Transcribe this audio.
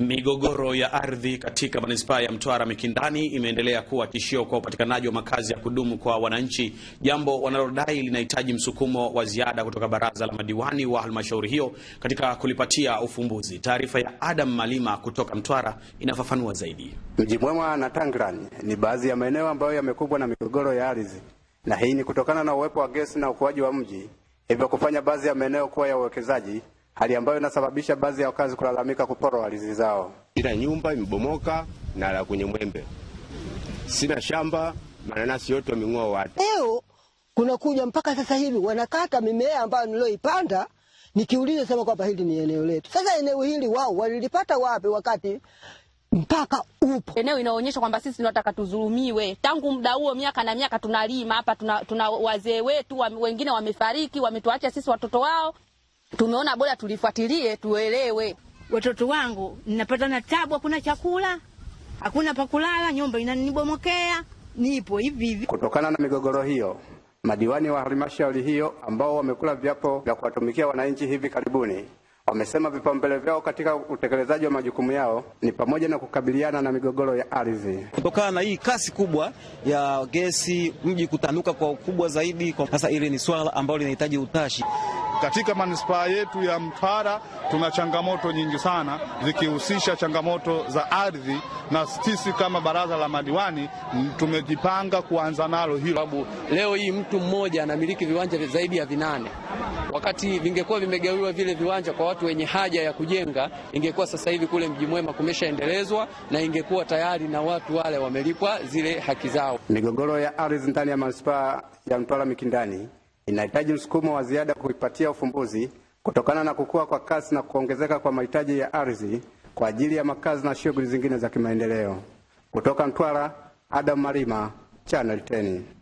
Migogoro ya ardhi katika manispaa ya Mtwara Mikindani imeendelea kuwa tishio kwa upatikanaji wa makazi ya kudumu kwa wananchi, jambo wanalodai linahitaji msukumo wa ziada kutoka baraza la madiwani wa halmashauri hiyo katika kulipatia ufumbuzi. Taarifa ya Adam Malima kutoka Mtwara inafafanua zaidi. Mji Mwema na Tangrani ni baadhi ya maeneo ambayo yamekumbwa na migogoro ya ardhi, na hii ni kutokana na uwepo wa gesi na ukuaji wa mji, hivyo kufanya baadhi ya maeneo kuwa ya uwekezaji hali ambayo inasababisha baadhi ya wakazi kulalamika kuporwa ardhi zao. Sina nyumba imebomoka na la kwenye mwembe, sina shamba, mananasi yote wameng'oa watu. Leo kuna kuja mpaka sasa hivi wanakata mimea ambayo nilioipanda nikiuliza sema kwamba hili ni eneo letu. Sasa eneo hili wao walilipata wapi wakati mpaka upo eneo inaonyesha kwamba sisi tunataka tuzulumiwe. Tangu muda huo, miaka na miaka tunalima hapa, tuna, tuna wazee wetu wengine wamefariki, wametuacha sisi watoto wao tumeona bora tulifuatilie tuelewe. Watoto wangu ninapata na tabu, hakuna chakula, hakuna pakulala, nyumba inanibomokea, nipo hivi hivi. Kutokana na migogoro hiyo, madiwani wa halmashauri hiyo ambao wamekula viapo vya kuwatumikia wananchi hivi karibuni wamesema vipaumbele vyao katika utekelezaji wa majukumu yao ni pamoja na kukabiliana na migogoro ya ardhi. Kutokana na hii kasi kubwa ya gesi, mji kutanuka kwa ukubwa zaidi, kwa sasa, hili ni swala ambalo linahitaji utashi. Katika manispaa yetu ya Mtwara tuna changamoto nyingi sana zikihusisha changamoto za ardhi, na sisi kama baraza la madiwani tumejipanga kuanza nalo hilo, sababu leo hii mtu mmoja anamiliki viwanja zaidi ya vinane wakati vingekuwa vimegawiwa vile viwanja kwa watu wenye haja ya kujenga, ingekuwa sasa hivi kule mji mwema kumeshaendelezwa na ingekuwa tayari na watu wale wamelipwa zile haki zao. Migogoro ya ardhi ndani ya manispaa ya Mtwara Mikindani inahitaji msukumo wa ziada kuipatia ufumbuzi kutokana na kukua kwa kasi na kuongezeka kwa mahitaji ya ardhi kwa ajili ya makazi na shughuli zingine za kimaendeleo. Kutoka Mtwara, Adam Malima, Channel 10.